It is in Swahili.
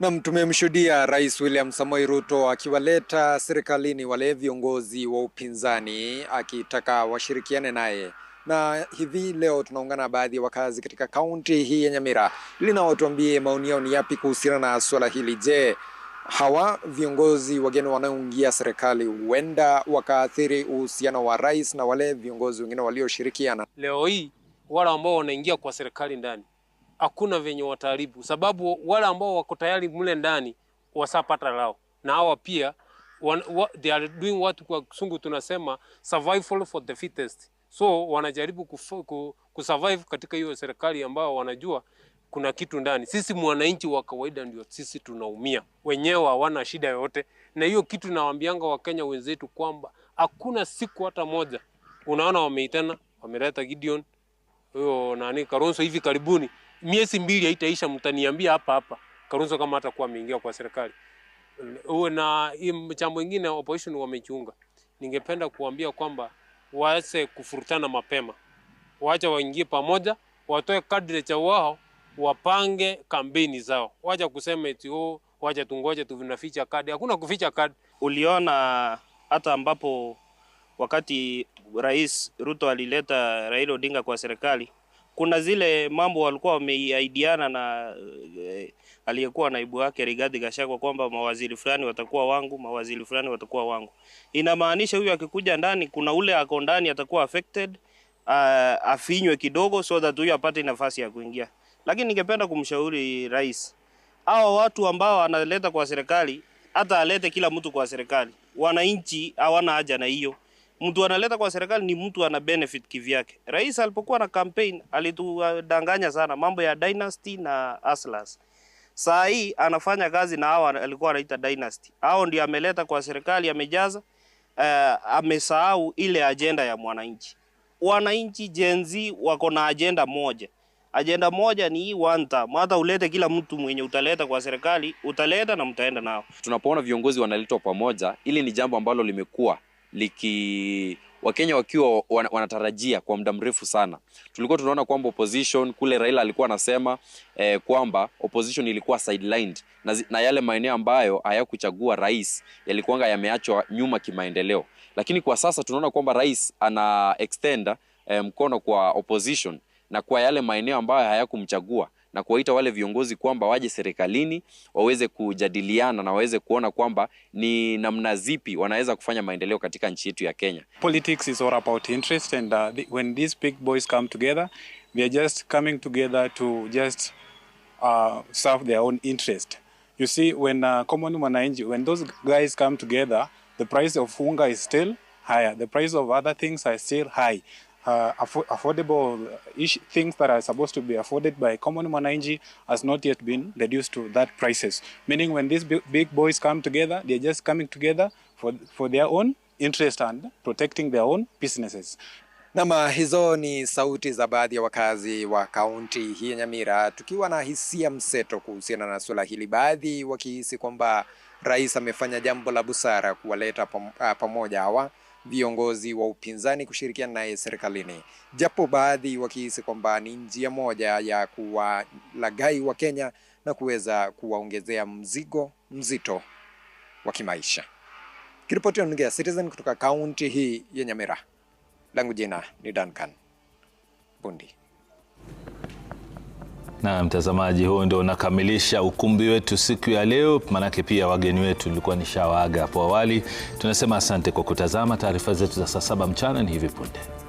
Nam, tumemshuhudia Rais William Samoei Ruto akiwaleta serikalini wale viongozi wa upinzani akitaka washirikiane naye, na hivi leo tunaungana baadhi ya wakazi katika kaunti hii ya Nyamira ili nao tuambie maoni yao ni yapi kuhusiana na suala hili. Je, hawa viongozi wageni wanaoingia serikali huenda wakaathiri uhusiano wa rais na wale viongozi wengine walioshirikiana? Leo hii wale ambao wanaingia kwa serikali ndani hakuna venye wataharibu, sababu wale ambao wako tayari mle ndani wasapata lao, na hawa pia wan, wa, they are doing what kwa kisungu tunasema survival for the fittest. So wanajaribu kufu, ku, survive katika hiyo serikali ambao wanajua kuna kitu ndani. Sisi mwananchi wa kawaida ndio sisi tunaumia, wenyewe hawana shida yoyote. Na hiyo kitu nawaambianga Wakenya wenzetu kwamba hakuna siku hata moja unaona wameitana wameleta Gideon huyo nani Kalonzo hivi karibuni, miezi mbili haitaisha, mtaniambia hapa hapa Kalonzo kama hatakuwa ameingia kwa serikali uwe na mchambo mwingine opposition wamechunga Ningependa kuambia kwamba waache kufurutana mapema, wacha waingie pamoja, watoe kadri cha wao, wapange kampeni zao, wacha kusema eti oh, wacha tungoje tunaficha kadi. Hakuna kuficha kadi. Uliona hata ambapo wakati Rais Ruto alileta Raila Odinga kwa serikali, kuna zile mambo walikuwa wameiaidiana na eh, aliyekuwa naibu wake Rigathi Gachagua kwamba mawaziri fulani watakuwa wangu, mawaziri fulani watakuwa wangu. Inamaanisha huyu akikuja ndani, kuna ule ako ndani atakuwa affected uh, afinywe kidogo, so that huyu apate nafasi ya kuingia. Lakini ningependa kumshauri rais, hao watu ambao analeta kwa serikali, hata alete kila mtu kwa serikali. Wananchi hawana haja na hiyo mtu analeta kwa serikali ni mtu ana benefit kivyake. Rais alipokuwa na campaign alitudanganya sana mambo ya dynasty na aslas. Saa hii anafanya kazi na hao alikuwa anaita dynasty. Hao ndio ameleta kwa serikali, amejaza uh, amesahau ile ajenda ya mwananchi. Wananchi Gen Z wako na ajenda moja. Ajenda moja ni hii one term. Hata ulete kila mtu mwenye utaleta kwa serikali, utaleta na mtaenda nao. Tunapoona viongozi wanaletwa pamoja, ili ni jambo ambalo limekuwa liki Wakenya wakiwa wanatarajia kwa muda mrefu sana. Tulikuwa tunaona kwamba opposition kule Raila alikuwa anasema eh, kwamba opposition ilikuwa sidelined na, na yale maeneo ambayo hayakuchagua rais yalikuwa yameachwa nyuma kimaendeleo, lakini kwa sasa tunaona kwamba rais ana extend eh, mkono kwa opposition na kwa yale maeneo ambayo hayakumchagua na kuwaita wale viongozi kwamba waje serikalini waweze kujadiliana na waweze kuona kwamba ni namna zipi wanaweza kufanya maendeleo katika nchi yetu ya Kenya. Politics is all about interest and uh, the, when these big boys come together they are just coming together to just uh, serve their own interest. You see when uh, common mwananchi when those guys come together the price of unga is still higher. The price of other things are still high uh, aff- affordable uh, ish things that are supposed to be afforded by common mwananchi has not yet been reduced to that prices. Meaning when these big boys come together, they're just coming together for, for their own interest and protecting their own businesses. Nama, hizo ni sauti za baadhi ya wakazi wa kaunti hii ya Nyamira, tukiwa na hisia mseto kuhusiana na suala hili, baadhi wakihisi kwamba rais amefanya jambo la busara kuwaleta uh, pamoja hawa viongozi wa upinzani kushirikiana naye serikalini, japo baadhi wakihisi kwamba ni njia moja ya kuwalagai wa Kenya na kuweza kuwaongezea mzigo mzito wa kimaisha. Kiripoti ya Citizen kutoka kaunti hii ya Nyamira, langu jina ni Duncan Bundi. Na mtazamaji, huu ndio unakamilisha ukumbi wetu siku ya leo, maanake pia wageni wetu ilikuwa ni shawaga hapo awali. Tunasema asante kwa kutazama taarifa zetu za saa saba mchana. Ni hivi punde.